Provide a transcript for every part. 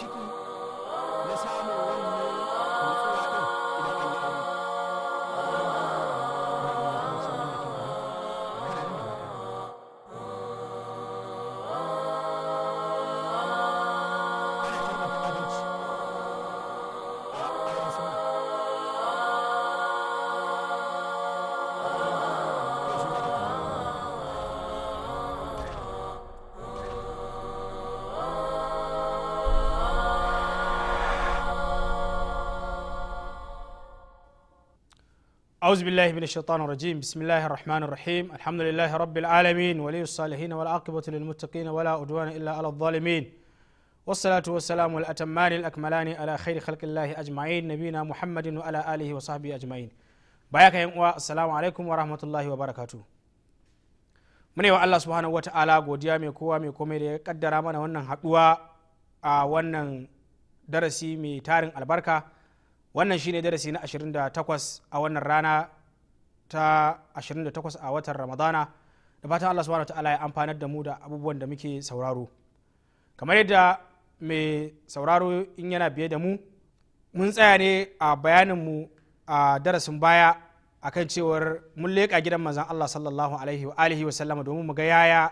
마시고 أعوذ بالله من الشيطان الرجيم بسم الله الرحمن الرحيم الحمد لله رب العالمين ولي الصالحين والعاقبة للمتقين ولا عدوان إلا على الظالمين والصلاة والسلام الأتمان الأكملان على خير خلق الله أجمعين نبينا محمد وعلى آله وصحبه أجمعين بايك يا السلام عليكم ورحمة الله وبركاته mune wa Allah subhanahu wa ta'ala godiya mai kowa mai komai da ya kaddara mana wannan haduwa a wannan darasi mai tarin albarka wannan shine darasi na 28 a wannan rana ta 28 a watan ramadana da fatan allah subhanahu ta'ala ya amfanar da mu da abubuwan da muke sauraro kamar yadda mai sauraro in yana biye da mu mun tsaya ne a bayaninmu a darasin baya akan cewar mun leƙa gidan manzan allah sallallahu alaihi wa alihi wa sallama domin mu ga yaya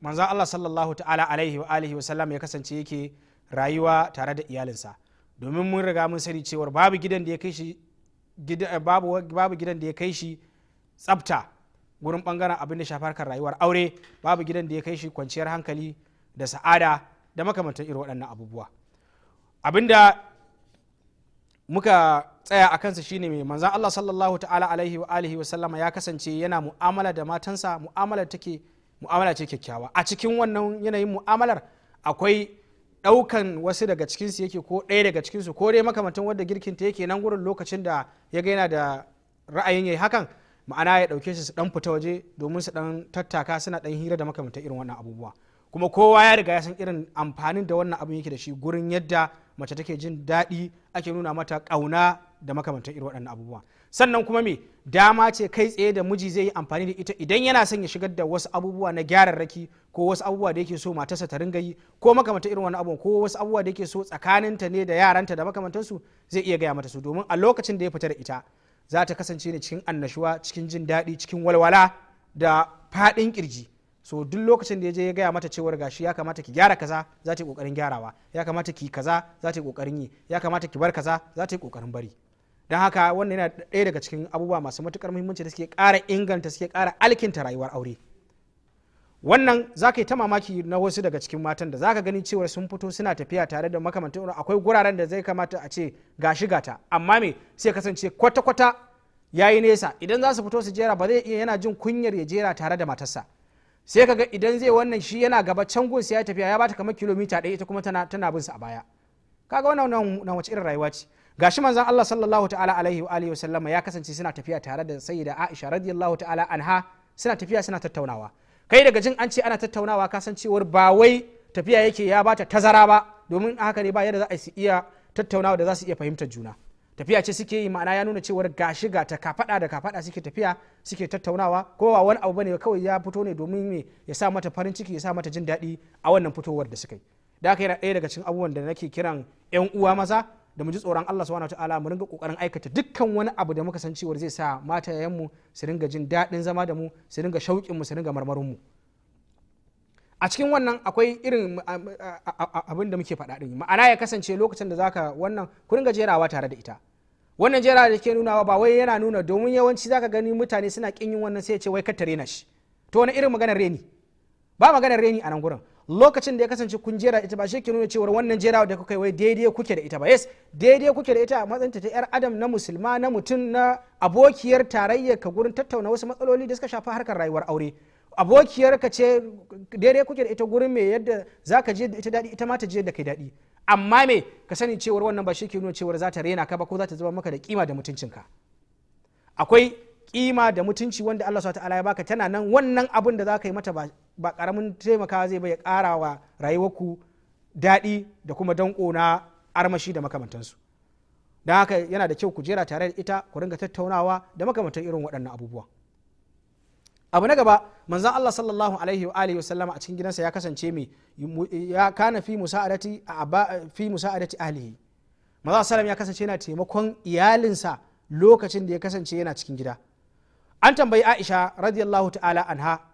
manzan allah sallallahu ta'ala alaihi wa alihi wa sallama ya kasance yake rayuwa tare da iyalinsa domin mun riga mun sani cewar babu gidan da ya kai shi babu gidan da ya kai shi tsafta gurin bangaren abin da shafar kan rayuwar aure babu gidan da ya kai shi kwanciyar hankali da sa'ada da makamantan irin waɗannan abubuwa abin da muka tsaya a kansa shine mai manzan Allah sallallahu ta'ala alaihi wa alihi wa sallama ya kasance yana mu'amala da matansa mu'amala take mu'amala ce kyakkyawa a cikin wannan yanayin mu'amalar akwai Daukan wasu daga cikinsu yake ko ɗaya daga cikinsu ko dai makamantan wadda girkin ta yake nan gurin lokacin da ya ga da ra'ayin yayi hakan ma'ana ya ɗauke su su ɗan fita waje domin su ɗan tattaka suna ɗan hira da makamantan irin wannan abubuwa kuma kowa ya riga ya san irin amfanin da wannan abin yake da shi gurin yadda mace take jin daɗi ake nuna mata ƙauna da makamantan irin waɗannan abubuwa sannan kuma me dama ce kai tsaye da miji zai yi amfani da ita idan yana son ya shigar da wasu abubuwa na gyaran raki ko wasu abubuwa da yake so matarsa ta ringa yi ko makamanta irin wani abu ko wasu abubuwa da yake so tsakaninta ne da yaranta da makamantansu zai iya gaya mata su domin a lokacin da ya fita da ita za ta kasance ne cikin annashuwa cikin jin daɗi cikin walwala da faɗin kirji so duk lokacin da ya je ya gaya mata cewar gashi ya kamata ki gyara kaza za ta yi kokarin gyarawa ya kamata ki kaza za ta yi kokarin yi ya kamata ki bar kaza za ta yi kokarin bari don haka wannan yana ɗaya daga cikin abubuwa masu matukar muhimmanci da suke ƙara inganta suke ƙara alkinta rayuwar aure wannan za ka yi ta mamaki na wasu daga cikin matan da za ka gani cewar sun fito suna tafiya tare da makamantan irin akwai guraren da zai kamata a ce ga shiga ta amma me sai kasance kwata-kwata ya yi nesa idan za su fito su jera ba zai iya yana jin kunyar ya jera tare da matarsa sai ka ga idan zai wannan shi yana gaba can sai ya tafiya ya bata kamar kilomita ɗaya ita kuma tana bin su a baya kaga wannan na wace irin rayuwa ce gashi manzon Allah sallallahu ta'ala alaihi wa alihi sallama ya kasance suna tafiya tare da sayyida Aisha radiyallahu ta'ala anha suna tafiya suna tattaunawa kai daga jin an ce ana tattaunawa kasancewar ba wai tafiya yake ya bata tazara ba domin haka ne ba yadda za a su iya tattaunawa da za su iya fahimtar juna tafiya ce suke yi ma'ana ya nuna cewar gashi ga ta kafada da kafada suke tafiya suke tattaunawa ko ba wani abu bane kawai ya fito ne domin me ya sa mata farin ciki ya sa mata jin daɗi a wannan fitowar da suka yi da haka yana ɗaya daga cikin abubuwan da nake kiran 'yan uwa maza da mu ji tsoron Allah subhanahu ta'ala mu ringa kokarin aikata dukkan wani abu da muka san cewa zai sa mata matayen mu su ringa jin daɗin zama da mu su ringa shauƙin mu su ringa marmarin mu a cikin wannan akwai irin abin da muke faɗa din ma'ana ya kasance lokacin da zaka wannan ku ringa jerawa tare da ita wannan jera da ke nunawa ba wai yana nuna domin yawanci zaka gani mutane suna kin yin wannan sai ya ce wai ka tare na shi to wani irin maganar reni ba maganar reni a nan gurin lokacin da ya kasance kun jera ita ba shi ke nuna cewa wannan jerawa da kuka yi wai daidai kuke da ita ba yes daidai kuke da ita a matsayin ta yar adam na musulma na mutum na abokiyar tarayyar ka gurin tattauna wasu matsaloli da suka shafi harkar rayuwar aure abokiyar ka ce daidai kuke da ita gurin me yadda zaka je da ita daɗi ita ma ta je da kai dadi amma me ka sani cewar wannan ba shi ke nuna cewar za ta rena ka ba ko za ta zama maka da kima da mutuncinka akwai kima da mutunci wanda Allah subhanahu ya baka tana nan wannan abin da zaka yi mata ba ba karamin taimaka zai bai ya ƙara wa rayuwarku daɗi da kuma danko na armashi da makamantansu don haka yana da kyau ku jera tare da ita ku ringa tattaunawa da makamantan irin waɗannan abubuwa. abu na gaba manzon Allah sallallahu alaihi wa alihi wasallama a cikin gidansa ya kasance mai ya kana fi musa'adati fi musa'adati ahlihi manzan sallam ya kasance yana taimakon iyalinsa lokacin da ya kasance yana cikin gida an tambayi Aisha radiyallahu ta'ala anha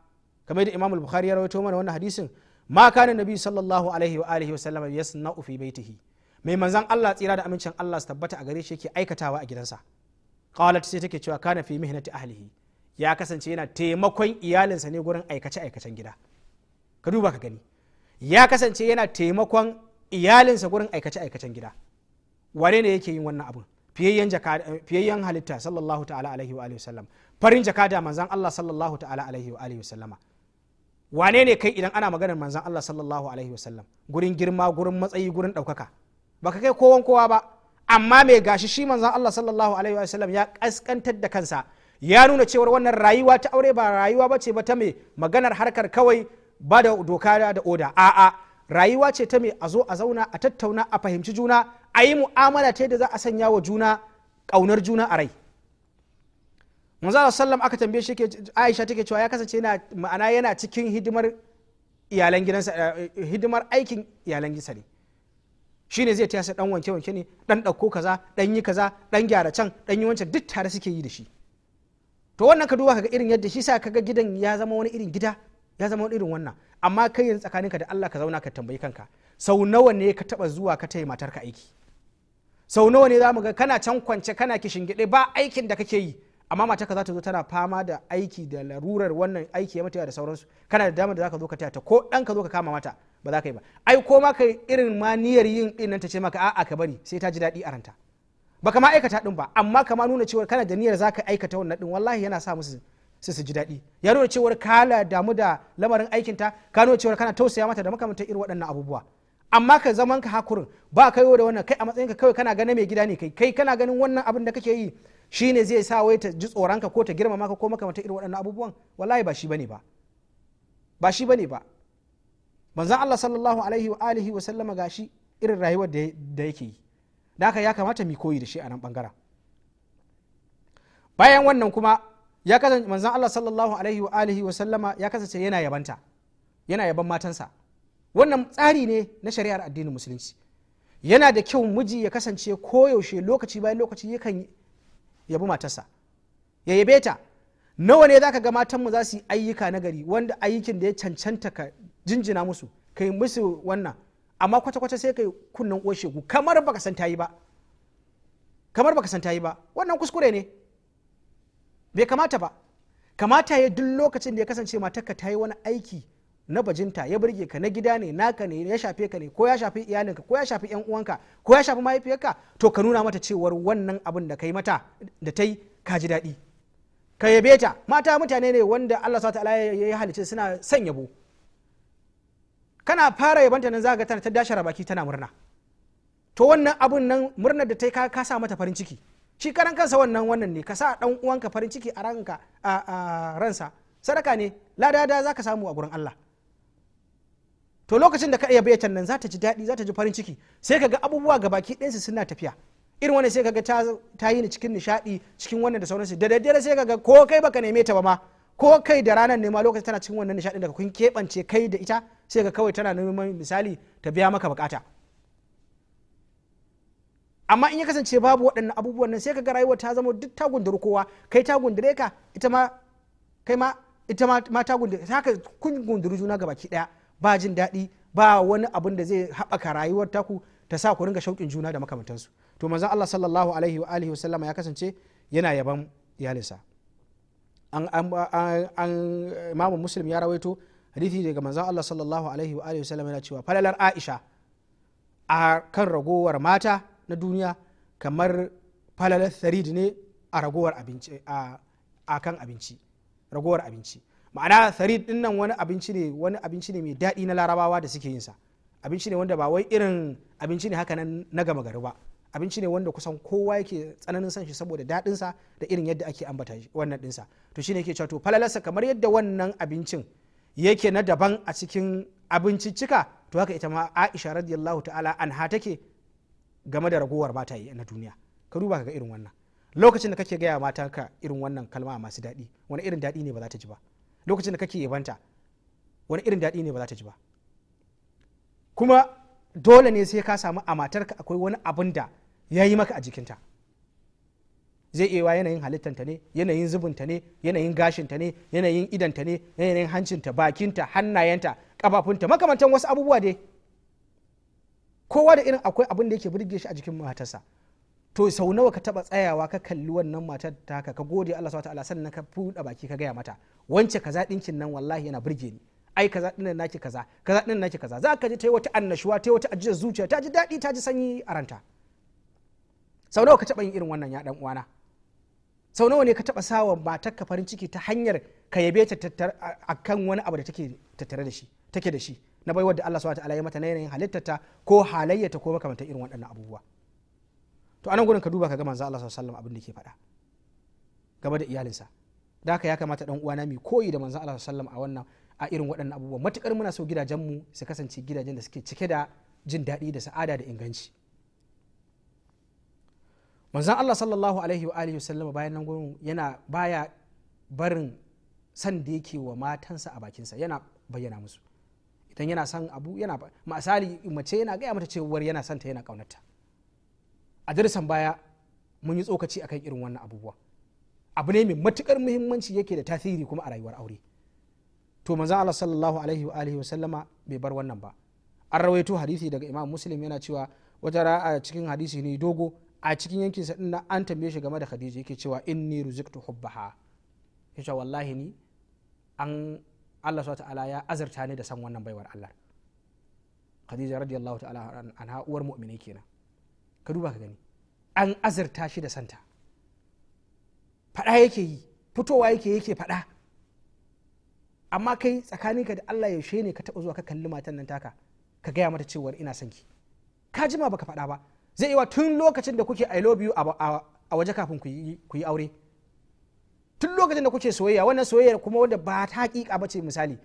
kamar da imam al-bukhari ya rawaito mana wannan hadisin ma kana nabi sallallahu alaihi wa alihi wa sallam yasna'u fi baitihi mai manzan Allah tsira da amincin Allah su tabbata a gare shi yake aikatawa a gidansa qalat sai take cewa kana fi mihnati ahlihi ya kasance yana taimakon iyalinsa ne gurin aikace aikacen gida ka duba ka gani ya kasance yana taimakon iyalinsa gurin aikace aikacen gida wane ne yake yin wannan abun fiyayyen halitta sallallahu ta'ala alaihi wa alihi wasallam farin jakada manzan Allah sallallahu ta'ala alaihi wa alihi wasallama wane ne kai idan ana maganar manzan Allah sallallahu alaihi wasallam gurin girma gurin matsayi gurin ɗaukaka baka kai kowan kowa ba amma mai gashi shi manzan Allah sallallahu alaihi wasallam ya ƙasƙantar da kansa ya nuna cewar wannan rayuwa ta aure ba rayuwa ba ce ba ta mai maganar harkar kawai ba da doka da oda a'a rayuwa ce ta mai a zo a zauna a tattauna a fahimci juna a yi mu'amala ta yadda za a sanya wa juna ƙaunar juna a rai manzo sallam aka tambaye shi ke aisha take cewa ya kasance yana ma'ana yana cikin hidimar iyalan gidansa eh, hidimar aikin iyalan gidansa ne shine zai taya dan wanke wanke ne dan dauko kaza dan yi kaza dan gyara can dan yi wancan duk tare suke yi da shi to wannan ka duba kaga irin yadda shi sa kaga gidan ya zama wani irin gida ya zama wani irin wannan amma kai yanzu ka da Allah ka zauna ka tambayi kanka sau nawa ne ka taba zuwa ka taya matarka aiki sau nawa ne zamu ga kana can kwance kana kishin gide ba aikin da kake yi amma mata ka za ta zo tana fama da aiki da larurar wannan aiki ya mata da sauransu kana da damar da zaka zo ka taya ta ko dan ka zo ka kama mata ba za ka yi ba ai ko ma ka irin ma niyyar yin din nan ta ce maka a'a ka bari sai ta ji daɗi a ranta baka ma aikata din ba amma kama nuna cewa kana da niyyar zaka aikata wannan din wallahi yana sa musu su ji daɗi ya nuna cewar ka damu da lamarin aikinta ka nuna cewar kana tausaya mata da makamantar irin waɗannan abubuwa amma ka zaman ka hakurin ba ka da wannan kai a matsayinka kawai kana ganin mai gida ne kai kai kana ganin wannan abin da kake yi Shi ne zai sa wai ta ji tsoronka ko ta girma maka ko mata irin waɗannan abubuwan wallahi ba shi bane ba ba shi bane ba manzon Allah sallallahu alaihi wa alihi wa sallama gashi irin rayuwar da yake yi da haka ya kamata mi koyi da shi a nan bangaren bayan wannan kuma ya kasance manzon Allah sallallahu alaihi wa alihi wa sallama ya kasance yana yabanta yana yaban matansa wannan tsari ne na shari'ar addinin musulunci yana da kyau miji ya kasance koyaushe lokaci bayan lokaci yakan yabi matarsa ya yabe ta nawa ne zaka ga matanmu za su yi ayyuka na gari wanda ayyukin da ya cancanta ka jinjina musu kai musu wannan amma kwata-kwata sai kai kunnan ƙoshe ku kamar baka san tayi ba kamar baka san tayi ba wannan kuskure ne bai kamata ba kamata ya duk lokacin da ya kasance matarka ta yi wani aiki na bajinta ya burge ka na gida ne naka ne ya shafe ka ne ko ya shafi iyalinka ko ya shafi yan uwanka ko ya shafi mahaifiyarka to ka nuna mata cewar wannan abin da kai mata da ta yi ka ji daɗi ka yabe ta mata mutane ne wanda Allah sa ta'ala ya halice suna son yabo kana fara yabanta nan zaka tana ta dashara baki tana murna to wannan abun nan murnar da ta ka ka sa mata farin ciki shi karan kansa wannan wannan ne ka sa dan uwanka farin ciki a ranka a ransa sadaka ne lada da zaka samu a gurin Allah to lokacin da ka iya bayyana nan za ta ji daɗi za ta ji farin ciki sai ka ga abubuwa ga baki ɗinsu suna tafiya irin wani sai ka ga ta yi ni cikin nishaɗi cikin wannan da sauransu da daddare sai ka ga ko kai baka neme ta ba ma ko kai da ranar ne ma lokacin tana cikin wannan nishaɗin daga kun keɓance kai da ita sai ka kawai tana neman misali ta biya maka bukata amma in ya kasance babu waɗannan abubuwan nan sai ka ga rayuwar ta zama duk ta gundure kowa kai ta gundure ka ita ma kai ma ita ma ta gundure ka kun gunduru juna ga baki ɗaya ba jin daɗi ba wani abin da zai haɓaka rayuwar taku ta sa ku ringa shauƙin juna da makamantansu to manzon Allah sallallahu alaihi wa alihi wasallama ya kasance yana yaban iyalinsa an an imamu muslim ya rawaito hadithi daga manzon Allah sallallahu alaihi wa alihi wasallama yana cewa falalar Aisha a kan ragowar mata na duniya kamar falalar tharid ne a ragowar abinci a kan abinci ragowar abinci ma'ana sarid din nan wani abinci ne wani abinci ne mai daɗi na larabawa da suke yinsa abinci ne wanda ba wai irin abinci ne haka nan na gama gari ba abinci ne wanda kusan kowa yake tsananin san shi saboda sa da irin yadda ake ambata wannan ɗinsa to shine yake cewa to falalarsa kamar yadda wannan abincin yake na daban a cikin abinciccika to haka ita ma aisha radiyallahu ta'ala anha take game da ragowar mata yi na duniya ka duba ka ga irin wannan lokacin da kake gaya mata ka irin wannan kalma masu daɗi wani irin daɗi ne ba za ta ji ba lokacin da kake yabanta wani irin daɗi ne ba za ta ji ba kuma dole ne sai ka samu a matarka akwai wani abin da ya yi maka a jikinta zai iya yanayin halittanta ne yanayin zubinta ne yanayin gashinta ne yanayin idanta ne yanayin hancinta bakinta hannayenta kafafunta makamantan wasu abubuwa dai kowa da irin akwai abin da yake burge shi a jikin matarsa to sau nawa ka taba tsayawa ka kalli wannan matar ta haka ka gode Allah subhanahu wataala sannan ka buɗe baki ka gaya mata wance kaza dinkin nan wallahi yana burge ni ai kaza din naki kaza kaza din naki kaza za ka ji ta yi wata annashuwa ta yi wata ajiyar zuciya ta ji daɗi ta ji sanyi a ranta sau nawa ka taba yin irin wannan ya dan uwana sau nawa ne ka taba sawa matar ka farin ciki ta hanyar ka yabe ta akan wani abu da take tattare da shi take da shi na baiwar da Allah subhanahu wataala ya mata na yanayin halittarta ko halayyata ko makamantar irin waɗannan abubuwa to anan gurin ka duba ka ga manzo Allah sallallahu alaihi wasallam abin da ke faɗa game da iyalinsa da haka ya kamata dan uwana mi koyi da manzo Allah sallallahu alaihi wasallam a wannan a irin waɗannan abubuwa matukar muna so gidajenmu su kasance gidajen da suke cike da jin daɗi da sa'ada da inganci manzon Allah sallallahu alaihi wa alihi sallama bayan nan gurin yana baya barin san da yake wa matansa a bakinsa yana bayyana musu idan yana son abu yana ma'asali mace yana gaya mata cewar yana son ta yana kaunarta a darasan baya mun yi tsokaci akan irin wannan abubuwa abu ne mai matukar muhimmanci yake da tasiri kuma a rayuwar aure to manzo Allah sallallahu alaihi wa alihi wa sallama bai bar wannan ba an rawaito hadisi daga imam muslim yana cewa wata ra'a cikin hadisi ne dogo a cikin yankin sa dinna an tambaye shi game da khadija yake cewa inni ruziqtu hubbaha yace wallahi ni an Allah subhanahu ta'ala ya azarta ni da san wannan baiwar Allah khadija radiyallahu ta'ala anha uwar mu'mini kenan ka duba ka gani an azurta shi da santa faɗa yake yi fitowa yake yake faɗa amma kai tsakaninka da Allah yaushe ne ka taɓa zuwa ka kalli matan nan taka ka gaya mata cewar ina sanki. ka jima baka fada ba zai iya tun lokacin da kuke i love you a waje kafin ku yi aure tun lokacin da kuke soyayya wannan soyayya kuma wanda ba ta hakika ba ce misali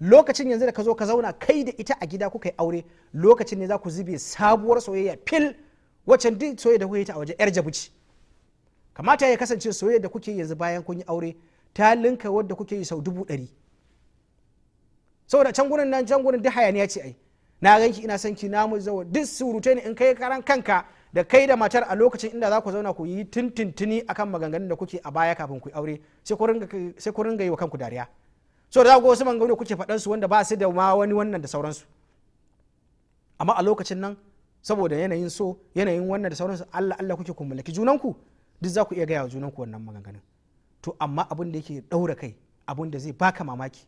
lokacin yanzu da ka zo ka zauna kai da ita a gida kuka yi aure lokacin ne za ku zube sabuwar soyayya fil waccan duk soyayya da kuke ta a waje yar jabuci kamata ya kasance soyayya da kuke yanzu bayan kun yi aure ta linka wadda kuke yi sau dubu ɗari saboda can gunan nan can gunan duk hayaniya ce ai na ganki ina son ki namu zawo duk surutai ne in kai karan kanka da kai da matar a lokacin inda za ku zauna ku yi tuntuntuni akan maganganun da kuke a baya kafin ku yi aure sai ku ringa yi wa kanku dariya so da za wasu maganganu kuke faɗan su wanda ba su da ma wani wannan da sauransu amma a lokacin nan saboda yanayin so yanayin wannan da sauransu allah allah kuke ku mallaki junanku duk za ku iya gaya wa junanku wannan maganganun to amma abin da yake ɗaura kai abin da zai baka mamaki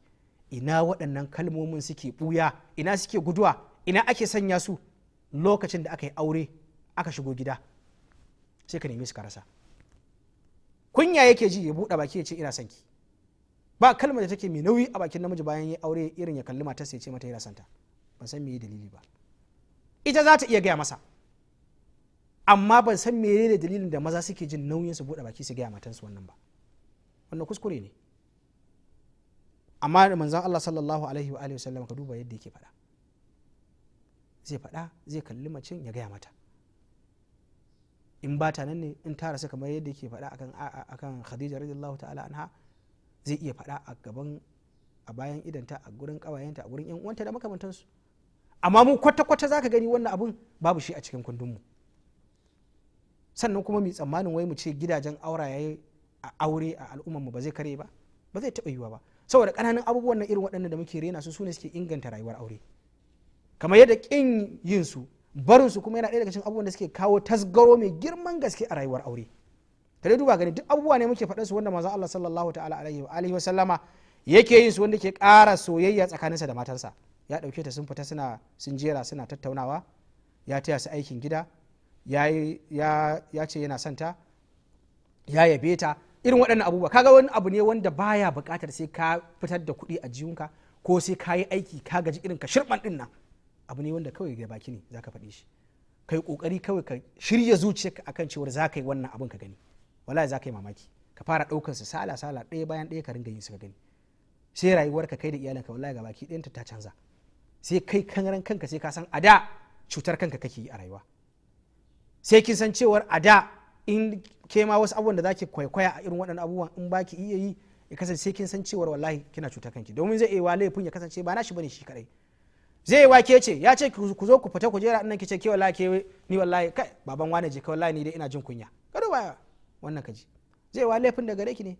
ina waɗannan kalmomin suke buya ina suke guduwa ina ake sanya su lokacin da aka yi aure aka shigo gida sai ka nemi su ka rasa kunya yake ji ya buɗe baki ya ce ina son ki ba kalmar da take mai nauyi a bakin namiji bayan ya aure irin ya kalli matarsa ya ce mata yana santa ban san me dalili ba ita za ta iya gaya masa amma ban san menene dalilin da maza suke jin nauyin su bude baki su gaya matansu wannan ba wannan kuskure ne amma da manzon Allah sallallahu alaihi wa alihi wasallam ka duba yadda yake faɗa zai faɗa zai kalli macin ya gaya mata in ba ta nan ne in tara su kamar yadda yake faɗa akan akan Khadija radhiyallahu ta'ala anha zai iya faɗa a gaban a bayan idanta a gurin kawayenta a gurin yan uwanta da makamantansu amma mu kwata-kwata zaka gani wannan abun babu shi a cikin kundinmu sannan kuma mai tsammanin wai mu ce gidajen auraye a aure a al'ummarmu ba zai kare ba ba zai taɓa yiwuwa ba saboda kananan abubuwan nan irin waɗannan da muke rena su sune suke inganta rayuwar aure kamar yadda ƙin yin su barin su kuma yana ɗaya daga cikin abubuwan da suke kawo tasgaro mai girman gaske a rayuwar aure ka dai duba gani duk abubuwa ne muke faɗan su wanda maza Allah sallallahu ta'ala alaihi wa alihi wa sallama yake yin su wanda ke ƙara soyayya tsakaninsa da sa ya ɗauke ta sun fita suna sun jera suna tattaunawa ya taya su aikin gida ya ce yana santa ya yabe ta irin waɗannan abubuwa kaga wani abu ne wanda baya buƙatar sai ka fitar da kuɗi a jiyunka ko sai ka yi aiki ka gaji irin ka shirɓan ɗin nan abu ne wanda kawai ga baki ne za ka faɗi shi kai ƙoƙari kawai ka shirya zuciyarka akan cewar za ka yi wannan abin ka gani wallahi za ka yi mamaki ka fara ɗaukar su sala sala ɗaya bayan ɗaya ka ringa yin su ka gani sai rayuwarka kai da iyalinka wallahi ga baki ɗayan ta canza sai kai kanran kanka sai ka san a da cutar kanka kake yi a rayuwa sai kin san cewar a da in ke ma wasu abubuwan da zaki kwaikwaya a irin waɗannan abubuwan in baki iya yi ya kasance sai kin san cewar wallahi kina cutar kanki domin zai iya laifin ya kasance ba nashi bane shi kadai zai yi wake ce ya ce ku zo ku fita ku jera nan ki ce ke wallahi ke ni wallahi kai baban wane je kai wallahi ni dai ina jin kunya ka ba wannan kaji zai wa laifin da gare ki ne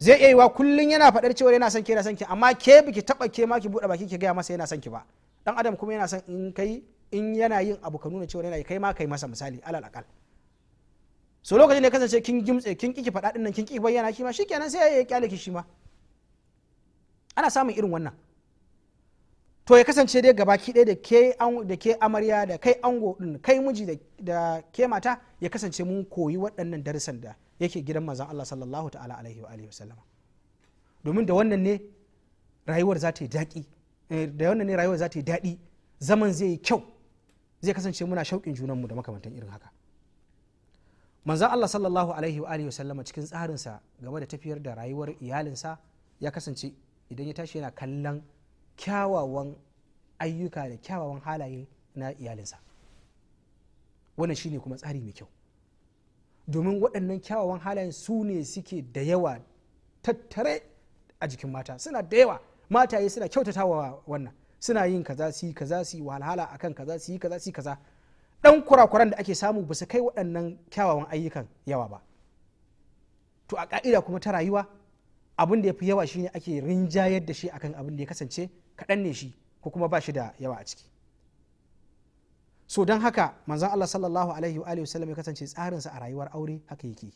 zai iya yiwa kullum yana faɗar cewa yana son ki yana son ki amma ke biki taɓa ke ma ki buɗe baki ki gaya masa yana son ki ba dan adam kuma yana son in kai in yana yin abu ka nuna cewa yana kai ma kai masa misali alal akal so lokacin da ya kasance kin gimtse kin ki faɗa din nan kin kiki bayyana shi ma shikenan sai ya kyale ki shi ma ana samun irin wannan to ya kasance dai gabaki ɗaya da ke da ke amarya da kai ango din kai miji da ke mata ya kasance mun koyi waɗannan darussan da yake gidan manzon Allah sallallahu ta'ala alaihi wa sallama domin da wannan ne rayuwar za ta yi daɗi eh, da wannan ne rayuwar za ta yi daɗi zaman zai yi kyau zai kasance muna shauƙin mu da makamantan irin haka manzon Allah sallallahu alaihi wa alihi cikin tsarinsa game da tafiyar da rayuwar iyalinsa ya kasance idan ya tashi yana kallon kyawawan ayyuka da kyawawan halaye na iyalinsa wannan shine kuma tsari mai kyau domin waɗannan kyawawan halayen su ne suke da yawa tattare a jikin mata suna da yawa mataye suna kyautata wa wannan suna yin kaza su yi kaza su yi wahalhala akan kaza su yi kaza su yi kaza ɗan kurakuran da ake samu ba su kai waɗannan kyawawan ayyukan yawa ba to a ƙa'ida kuma ta rayuwa abin da ya fi yawa shine ake rinjayar da shi akan abin da ya kasance kaɗan ne shi ko kuma ba shi da yawa a ciki so don haka manzan Allah sallallahu alaihi wa wasallam ya kasance tsarinsa a rayuwar aure haka yake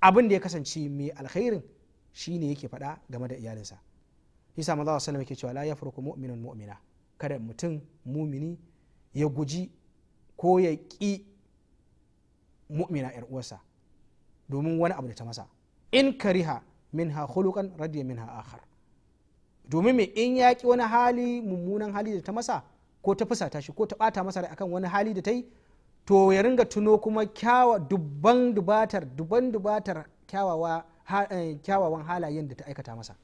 abin da ya kasance mai alkhairin shine yake faɗa game da iyalinsa isa manzon Allah sallallahu yake cewa la yafruku mu'minun mu'mina kada mutum mumini ya guji ko ya ki mu'mina yar uwarsa domin wani abu da ta masa in kariha minha khuluqan radiya minha akhar domin me in ya ki wani hali mummunan hali da ta masa ko ta fusata shi ko ta bata masa rai akan wani hali da ta yi to ya ringa tuno kuma kyawa dubban dubatar dubban dubatar eh, kyawawan halayen da ta aikata masa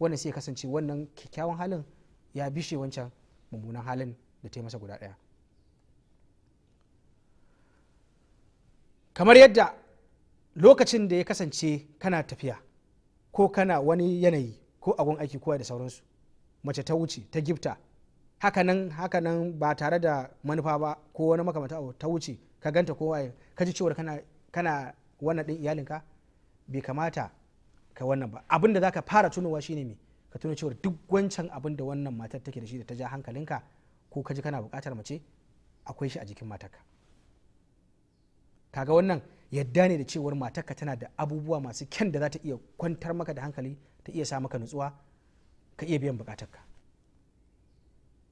wannan sai ya kasance wannan kyakkyawan halin ya bishe wancan mummunan halin da ta yi masa guda ɗaya kamar yadda lokacin da ya kasance kana tafiya ko kana wani yanayi ko agon aiki kowa da sauransu mace ta wuce ta gifta hakanan hakanan ba tare da manufa ba ko wani makamata ta wuce ka ganta ko waye ka cewar kana kana wannan din iyalinka bai kamata ka wannan ba abin da zaka fara tunowa shine me ka tuno cewar duk wancan abin da wannan matar take da shi da ta ja hankalinka ko ka ji kana bukatar mace akwai shi a jikin matarka kaga wannan yadda ne da cewar matarka tana da abubuwa masu kyan da za ta iya kwantar maka da hankali ta iya sa maka nutsuwa ka iya biyan bukatarka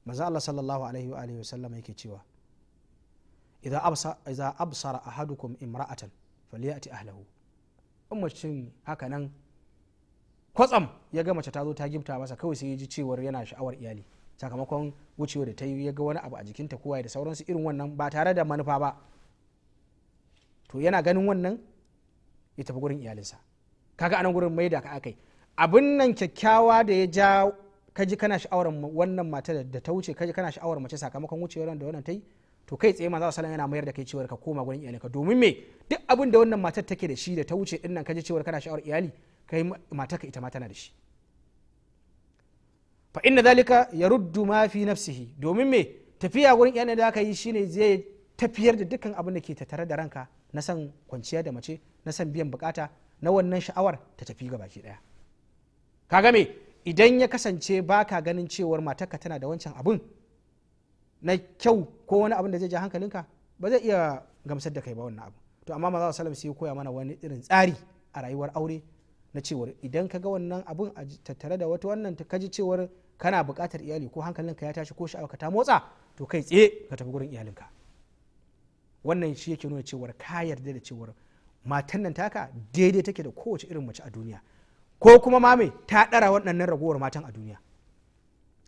maza Allah sallallahu alaihi wa alihi wasallam yake cewa idan absara idza absara ahadukum imra'atan falyati ahlahu in mutum haka nan kwatsam ya ga mace ta zo ta gifta masa kawai sai ya ji cewar yana sha'awar iyali sakamakon wucewa da ta yi ya ga wani abu a jikinta kowa da sauransu irin wannan ba tare da manufa ba to yana ganin wannan ya tafi gurin iyalinsa kaga anan gurin maida ka akai abin nan kyakkyawa da ya ja ka ji kana sha'awar wannan mata da ta wuce kaji kana sha'awar mace sakamakon wucewar da wannan ta yi to kai tsaye manzo sallallahu yana mayar da kai cewar ka koma gurin iyalinka domin me duk abin da wannan matar take da shi da ta wuce din nan ji cewar kana sha'awar iyali kai mata ka ita ma tana da shi fa inna zalika yaruddu ma fi nafsihi domin me tafiya gurin iyalin da aka yi shine zai tafiyar da dukkan abin da ke tattare da ranka na san kwanciya da mace na san biyan bukata na wannan sha'awar ta tafi ga baki daya kaga me idan ya kasance baka ganin cewar matarka tana da wancan abun na kyau ko wani abun da zai ja hankalinka ba zai iya gamsar da kai ba wannan abu to amma maza salam sai koya mana wani irin tsari a rayuwar aure na cewar idan ka ga wannan abun a tattare da wata wannan ka ji cewar kana buƙatar iyali ko hankalinka ya tashi ko sha'awa ta motsa to kai tsaye ka tafi gurin iyalinka wannan shi yake nuna cewar ka yarda da cewar matan nan taka daidai take da kowace irin mace a duniya ko kuma Mame ta ɗara waɗannan ragowar matan a duniya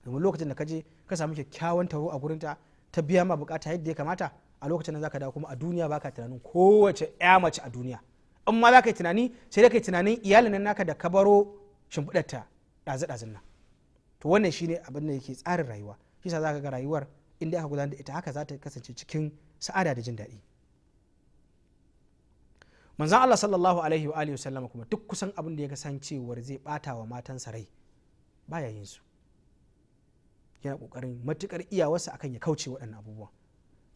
domin lokacin da ka je ka samu kyakkyawan taro a gurinta ta biya ma bukata yadda ya kamata a lokacin da zaka dawo kuma a duniya baka tunanin kowace ya mace a duniya in ma zaka yi tunani sai dai kai tunanin iyalin naka da ka baro shimfiɗarta ɗazu-ɗazun nan to wannan shine abin da yake tsarin rayuwa shi yasa zaka ga rayuwar inda aka gudanar da ita haka za ta kasance cikin sa'ada da jin daɗi manzan Allah sallallahu alaihi wa alihi sallama kuma duk kusan abin da ya ga san cewar zai bata wa matansa rai baya yin su yana kokarin matukar iyawarsa akan ya kauce waɗannan abubuwa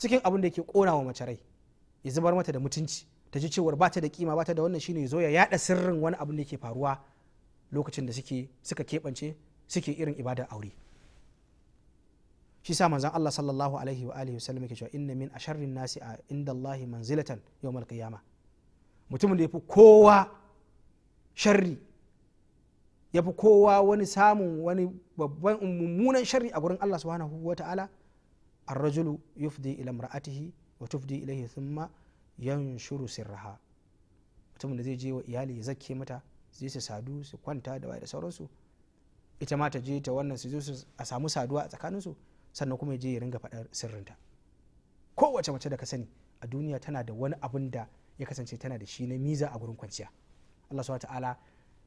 cikin abin da yake kona wa mace rai ya zubar mata da mutunci ta ji cewar bata da kima bata da wannan shine zo ya yada sirrin wani abin da yake faruwa lokacin da suke suka keɓance suke irin ibadar aure shi sa manzon Allah sallallahu alaihi wa alihi wasallam yake cewa inna min asharrin nasi a inda Allah manzilatan yawmal qiyamah mutumin da ya fi kowa sharri ya fi kowa wani samun wani babban mummunan sharri a gurin Allah subhanahu wa ta'ala arrajulu yufdi ila mar'atihi wa tufdi ilayhi thumma yanshuru sirraha mutumin da zai je wa iyali ya zakke mata zai su sadu su kwanta da waye da sauransu ita ma ta je ta wannan su zo a samu saduwa a tsakaninsu sannan kuma ya je ya ringa faɗar sirrinta kowace mace da ka sani a duniya tana da wani abun da ya kasance tana da shi na miza a gurin kwanciya Allah subhanahu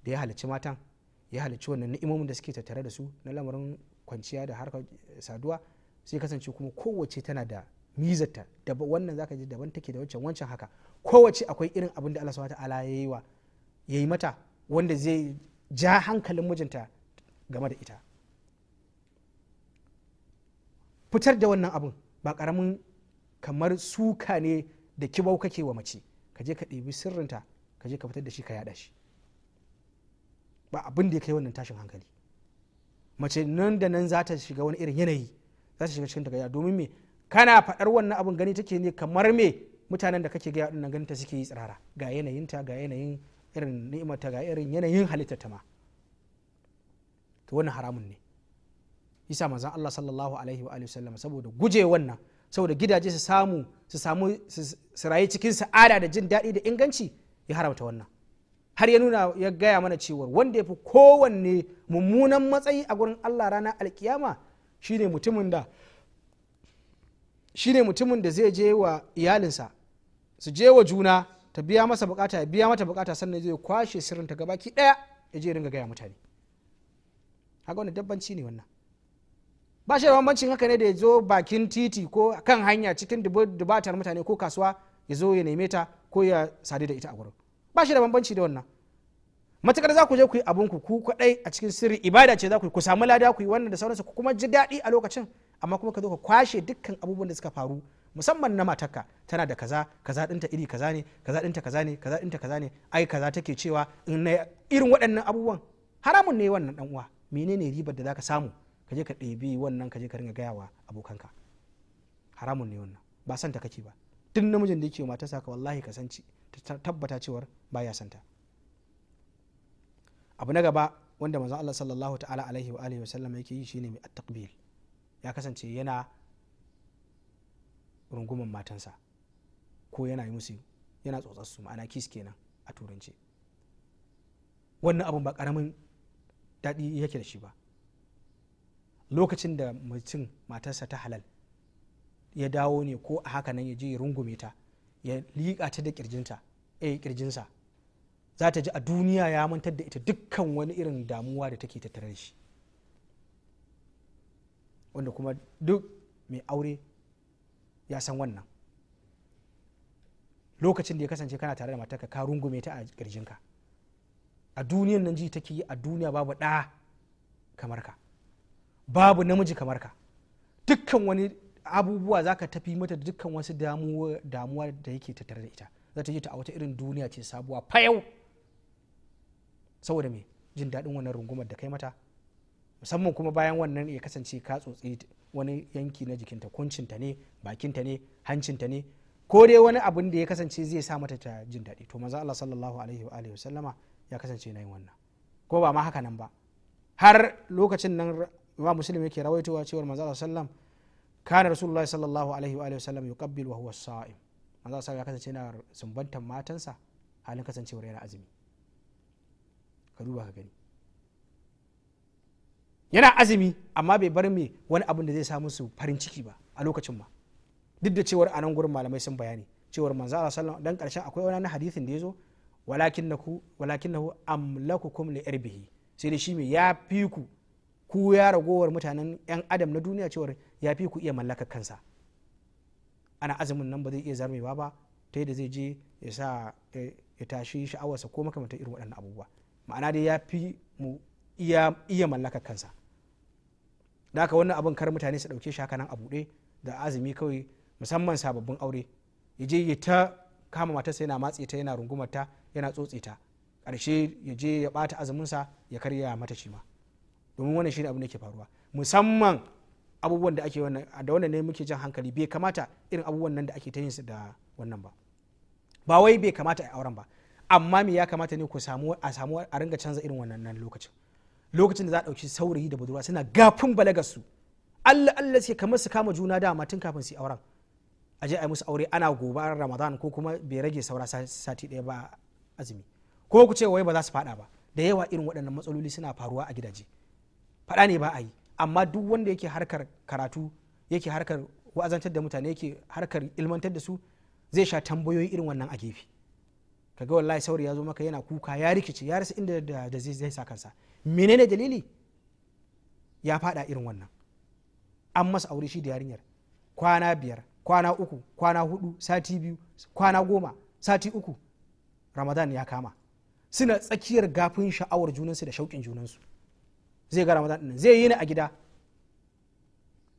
da ya halicci matan ya halicci wannan ni'imomin da suke tattare da su na lamarin kwanciya da harkar eh, saduwa sai kasance kuma kowace tana da mizarta da wannan zaka ji daban take da wancan wancan haka kowace akwai irin abin da Allah subhanahu ta'ala ya yi wa ya yi mata wanda zai ja hankalin mijinta game da ita fitar da wannan abin ba karamin kamar suka ne da kibau kake wa mace ka je ka ɗibi sirrinta ka je ka fitar da shi ka yaɗa shi ba abin da ya kai wannan tashin hankali mace nan da nan za ta shiga wani irin yanayi za ta shiga cikin tagaya domin me kana faɗar wannan abin gani take ne kamar me mutanen da kake gaya ɗin nan ta suke yi tsirara ga yanayinta ga yanayin irin ni'imarta ga irin yanayin halittarta ma to wannan haramun ne isa manzon Allah sallallahu alaihi wa wasallam saboda guje wannan saboda gidaje su samu su samu su rayu cikin sa'ada da jin daɗi da inganci ya haramta wannan har ya nuna ya gaya mana cewa wanda ya fi kowanne mummunan matsayi a gurin allah rana alkiyama shine mutumin da shine mutumin da zai je wa iyalinsa su je wa juna ta biya masa bukata ya biya mata bukata sannan zai kwashe sirrinta gabaki daya ya je ringa gaya mutane haka wani dabbanci ne wannan ba shi da bambancin haka ne da ya zo bakin titi ko kan hanya cikin dubatar mutane ko kasuwa ya zo ya neme ta ko ya sadu da ita a gurin ba shi da bambanci da wannan matukar za ku je ku yi abinku ku kadai a cikin sirri ibada ce za ku yi ku samu lada ku yi wannan da sauransu ku kuma ji daɗi a lokacin amma kuma ka zo ka kwashe dukkan abubuwan da suka faru musamman na matarka tana da kaza kaza dinta iri kaza ne kaza dinta kaza ne kaza dinta kaza ne ai kaza take cewa in na irin waɗannan abubuwan haramun ne wannan dan uwa menene ribar da zaka samu ka je ka ɗebi wannan ka je ka ringa gaya wa abokanka haramun ne wannan ba santa kake ba tun namijin da yake mata saka wallahi ka sanci tabbata cewar baya santa abu na gaba wanda manzon Allah sallallahu ta'ala alaihi wa alihi wa sallam yake yi shine mai at-taqbil ya kasance yana runguman matansa ko yana yi musu yana tsotsar su ma'ana kiss kenan a turanci wannan abun ba karamin daɗi yake da shi ba lokacin da mutum matarsa ta halal ya dawo ne ko a haka nan ya je ya rungume ta ya liƙa ta da ƙirjinta a eh, kirjinsa za ta ji a duniya ya mantar da ita dukkan wani irin damuwa da take tattare da shi wanda kuma duk mai aure ya san wannan lokacin da ya kasance kana tare da matarka ka rungume ta a kirjinka a duniyan nan ji take yi a duniya babu ɗa kamar ka babu namiji kamar ka dukkan wani abubuwa za ka tafi mata dukkan wasu damuwa da yake tattare da ita za ta yi ta a wata irin duniya ce sabuwa fayau saboda me jin daɗin wannan rungumar da kai mata musamman kuma bayan wannan ya kasance ka tsotsi wani yanki na jikinta kuncinta ne bakinta ne hancinta ne ko dai wani abin da ya kasance zai sa mata ta jin daɗi to maza Allah sallallahu alaihi wa alihi ya kasance na yin wannan ko ba ma haka nan ba har lokacin nan imam muslim yake rawaitowa cewar manzo sallam kana rasulullahi sallallahu alaihi wa sallam yuqabbil wa huwa sa'im manzo sallam ya kasance yana sumbantan matansa halin kasancewar yana azumi ka duba ka gani yana azumi amma bai bar me wani abin da zai sa musu farin ciki ba a lokacin ma duk da cewar anan gurin malamai sun bayani cewar manzo Allah sallallahu dan karshen akwai wani hadisin da yazo walakinnahu walakinnahu amlakukum li irbihi sai dai shi mai ya fi ku ku ya ragowar mutanen 'yan adam na duniya cewar ya fi ku iya mallakar kansa ana azumin nan ba zai iya zarmewa ba ta da zai je ya sa ya tashi sha'awarsa ko makamantar irin waɗannan abubuwa ma'ana dai ya fi mu iya mallakar kansa da haka wannan abin kar mutane su ɗauke shi haka nan a buɗe da azumi kawai musamman sababbin aure ya je ya ta kama matarsa yana matse ta yana rungumar ta yana tsotse ta ƙarshe ya je ya ɓata azuminsa ya karya mata shi ma domin wannan shine abin da ke faruwa musamman abubuwan da ake wannan da wannan ne muke jan hankali bai kamata irin abubuwan nan da ake ta yin su da wannan ba ba wai bai kamata a auren ba amma me ya kamata ne ku samu a samu a ringa canza irin wannan nan lokacin lokacin da za a dauki saurayi da budurwa suna gafin balagar su Allah Allah sai kamar su kama juna da tun kafin su yi auren a je a yi musu aure ana a Ramadan ko kuma bai rage saura sati daya ba azumi ko ku ce wai ba za su faɗa ba da yawa irin waɗannan matsaloli suna faruwa a gidaje faɗa ne ba a yi amma duk wanda yake harkar karatu yake harkar wa'azantar da mutane yake harkar ilmantar da su zai sha tambayoyi irin wannan a gefe kaga wallahi sauri ya zo maka yana kuka ya rikice ya rasa inda da zai zai sa kansa menene dalili ya faɗa irin wannan an masa aure shi da yarinyar kwana biyar kwana uku kwana hudu sati biyu kwana goma sati uku ramadan ya kama suna tsakiyar gafin sha'awar junansu da shauƙin junansu zai ga ramadan din zai yi ni a gida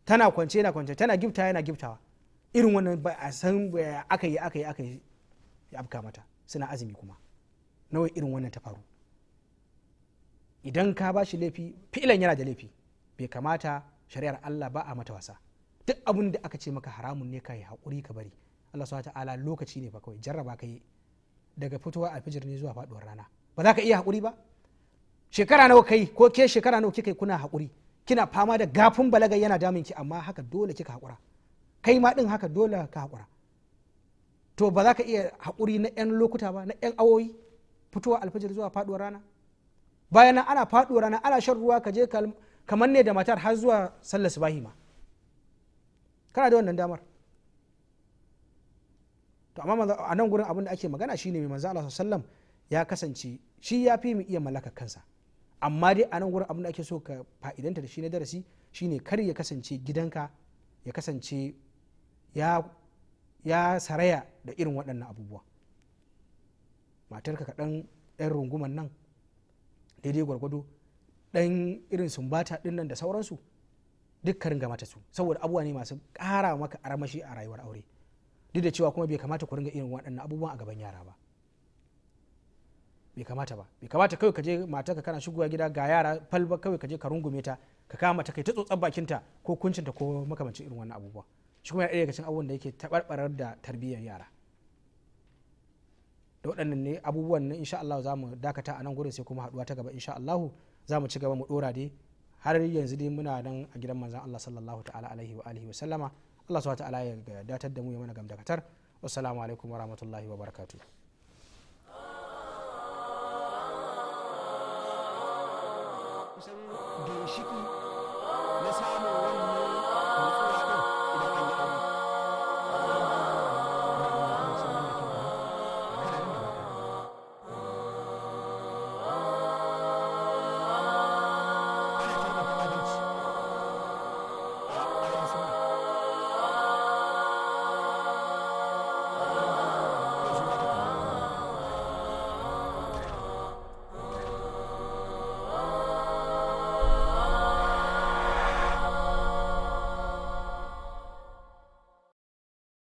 tana kwance yana kwance tana gifta yana giftawa irin wannan ba a san eh, aka yi aka yi aka yi ya afka mata suna azumi kuma nawa irin wannan ta faru idan ka ba shi laifi fi'ilan yana da laifi bai kamata shari'ar Allah ba a mata wasa duk abin da aka ce maka haramun ne ka yi hakuri ka bari Allah subhanahu ta'ala lokaci ne fa kawai jarraba ka yi daga fitowa fijir ne zuwa faɗuwar rana ba za ka iya hakuri ba shekara nawa kai ko ke shekara nawa kika kuna haƙuri kina fama da gafin balaga yana damun ki amma haka dole kika haƙura kai ma din haka dole ka haƙura to ba za ka iya haƙuri na 'yan lokuta ba na 'yan awoyi fitowa alfajir zuwa faɗuwar rana bayan ana faɗuwar rana ana shan ruwa ka je kamar ne da matar har zuwa sallar subahi ma kana da wannan damar to amma a nan gurin abin da ake magana shine mai manzo Allah sallam ya kasance shi ya fi mu iya mallaka kansa amma dai a nan wurin abin da ake so ka fa'idanta da shi na darasi shine kar ya kasance gidanka ya kasance ya saraya da irin waɗannan abubuwa matarka kaɗan ɗan runguman nan daidai gwargwado ɗan irin sumbata ɗin nan da sauransu duk ka ringa mata su saboda abubuwa ne masu ƙara maka armashi a rayuwar aure duk da cewa kuma bai kamata ku ringa irin waɗannan abubuwan a gaban yara ba bai kamata ba bai kamata kawai ka je ka kana shigowa gida ga yara falba kawai ka je ka rungume ta ka kama ta kai ta tsotsar ta ko ta ko makamancin irin wannan abubuwa shi kuma ya daga cikin abubuwan da yake tabarbarar da tarbiyyar yara da waɗannan ne abubuwan nan insha Allah za mu dakata a nan gurin sai kuma haɗuwa ta gaba insha Allah za mu ci gaba mu dora dai har yanzu dai muna nan a gidan manzon Allah sallallahu ta'ala alaihi wa alihi wa sallama Allah subhanahu wa ta'ala ya datar da mu ya mana gamdakatar wassalamu alaikum warahmatullahi wabarakatuh 시고